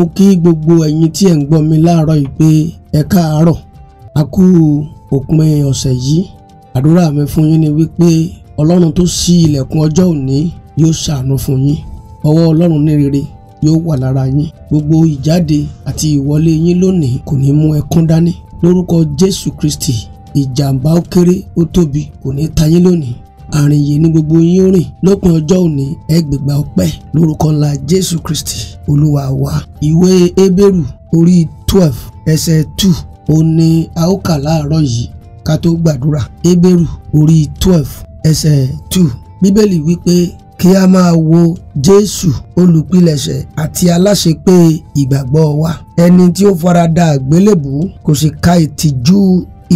mo kí gbogbo ẹ̀yin tí ẹ̀ ń gbọ́ mi láàárọ̀ yìí pé ẹ káàárọ̀ a kú òpin ọ̀sẹ̀ yìí àdúrà mi fún yín ni wípé ọlọ́run tó ṣí ilẹ̀kùn ọjọ́ òní yóò ṣàánú fún yín ọwọ́ ọlọ́run ní rere yóò wà lára yín gbogbo ìjáde àti ìwọlé yín lónìí kò ní mú ẹkún dání lórúkọ Jésù Kristi ìjàmbá ó kéré ó tóbi kò ní ta lónìí àrìn yìí ni gbogbo yín ó rìn lópin ọjọ́ òní ẹgbẹ̀gbà ọpẹ́ lórúkọ ńlá jésù kristi olúwa wa ìwé ebéèrù orí twelve ẹsẹ̀ two ó ní a ó kà láàárọ̀ yìí ká tó gbàdúrà ebéèrù orí twelve ẹsẹ̀ two bíbélì wípé kí a máa wo jésù olùpilẹ̀ṣẹ̀ àti aláṣepé ìgbàgbọ́ wa ẹni tí ó farada àgbélébùú kò sì ka ìtìjú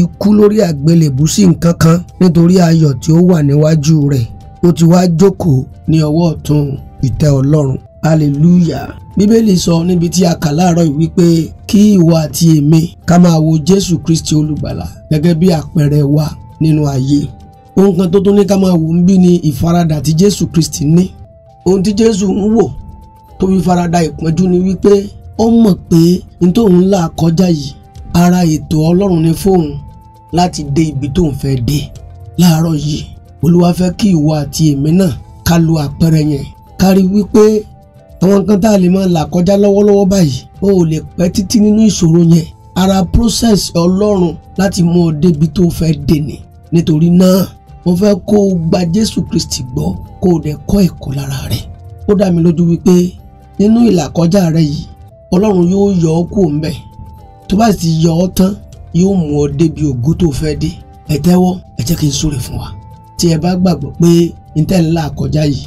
ikú lórí àgbélébù sí nǹkan kan nítorí ayọ̀ tí ó wà níwájú rẹ̀ ó ti wá jókòó ní ọwọ́ ọ̀tún ìtẹ́ ọlọ́run hallelujah bíbélì sọ níbi tí a kà láàárọ̀ yìí wípé kí ìwọ àti èmi ká máa wo jésù kristi olùgbàlà gẹ́gẹ́ bí àpẹẹrẹ wa nínú ayé ohun kan tó tún ní ká máa wò ń bí ni ìfaradà tí jésù kristi ní ohun tí jésù ń wò tó fi farada ìpọ́njú ni wípé ó mọ̀ pé n tóun là kọjá yìí ara ètò ọlọ́run ni fóun láti dé ibi tóun fẹ́ dé láàárọ̀ yìí olúwa fẹ́ kí ìwọ àti èmi náà ká lo àpẹẹrẹ yẹn ká rí wípé àwọn nǹkan tá a lè máa là kọjá lọ́wọ́lọ́wọ́ báyìí o ò lè pẹ́ títí nínú ìṣòro yẹn ara process ọlọ́run láti mú ọ débi tó fẹ́ dé ni nítorí náà mo fẹ́ kó o gba jésù kristi gbọ́ kó o dẹ̀ kọ́ ẹ̀kọ́ lára rẹ̀ ó dá mi lójú wípé nínú ìlàkọjá rẹ yìí ọlọ́run yóò yọ ọ́ kúò ńbẹ̀ tó bá ti yọ ọ́ tán yóò mú ọ débi ògo tó fẹ́ dé ẹ tẹ́wọ́ ẹ jẹ́ kí n súre fún wa tí ẹ bá gbàgbọ́ pé níta ńlá àkọjá yìí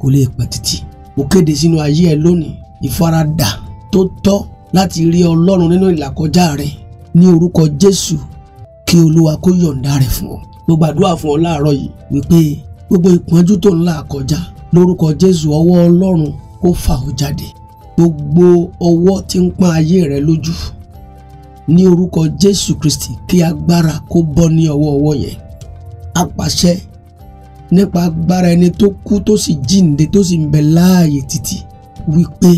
kò lè pẹ́ títí mo kéde sínú ayé ẹ lónìí ìfaradà tó tọ́ láti rí ọlọ́run nínú ìlàkọjá rẹ ní orúkọ jésù kí olúwa kó yọ̀ǹda rẹ fún ọ mo gbàdúrà fún ọ láàárọ̀ yìí wípé gbogbo ìpọ́njú tó ńlá àkọjá lórúkọ jésù ọwọ́ ọlọ́run kó fà ó jáde gbogbo ọwọ́ tí ń pọ́n ayé rẹ lójú ní orúkọ jésù kristi kí agbára kó bọ́ ní ọwọ́ ọwọ́ yẹn a pàṣẹ nípa agbára ẹni tó kú tó sì jíǹde tó sì ń bẹ láàyè títí wípé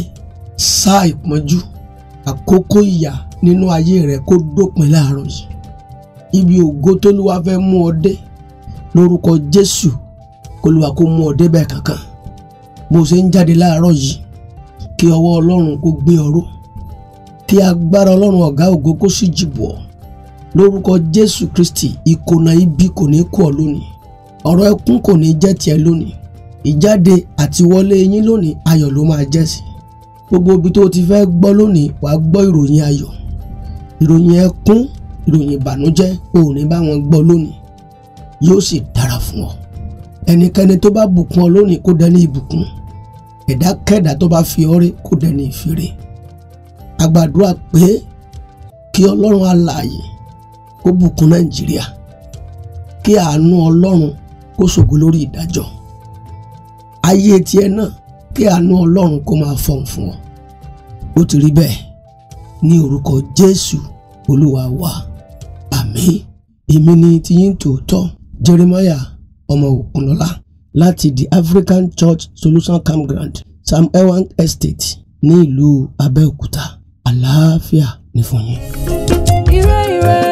sáà ìpọ́njú àkókò ìyà nínú ayé rẹ kó dópin láàárọ̀ yìí ibi ògo tóluwa fẹ́ mú ọ dé lórúkọ jésù kóluwa kó mú ọ débẹ̀ kankan bó ṣe ń jáde láàárọ̀ yìí kí ọwọ́ ọlọ́run kó gbé ọ ró kí agbára ọlọ́run ọ̀gá ògo kó sì jìbọ̀ lórúkọ jésù kristi ìkònà ibi kò ní kú ọ lónìí ọ̀rọ̀ ẹkún kò ní jẹ́ tiẹ̀ lónìí ìjáde àti wọlé yín lónìí ayọ̀ ló máa jẹ́ sí gbogbo ibi tó o ti fẹ́ gbọ́ lónìí wàá gbọ́ ìròyìn ayọ̀ ìròyìn ẹkún ìròyìn ìbànújẹ́ o bá wọn gbọ́ lónìí yóò sì dára fún ọ ẹnikẹ́ni tó bá bùkún ọ lónìí kó dẹni ìbùkún ẹ̀dákẹ́dà tó bá fi ọrẹ kó dẹni ìfìrè a gbàdúrà pé kí ọlọ́run alààyè kó bùkún nàìjíríà kí àánú ọlọ́run kó ṣògo lórí ìdájọ́ ayé tiẹ̀ náà kí àánú ọlọ́run kó máa fọ̀n fún ọ ó ti rí bẹ́ẹ̀ ní orúkọ jésù olúwa wa àmín èmi ni tiyín tòótọ́ jeremiah ọmọ òkunlọ́lá láti the african church solution campground sam ewan estate ní ìlú abẹ́òkúta àlàáfíà ní fún yín. ire ire.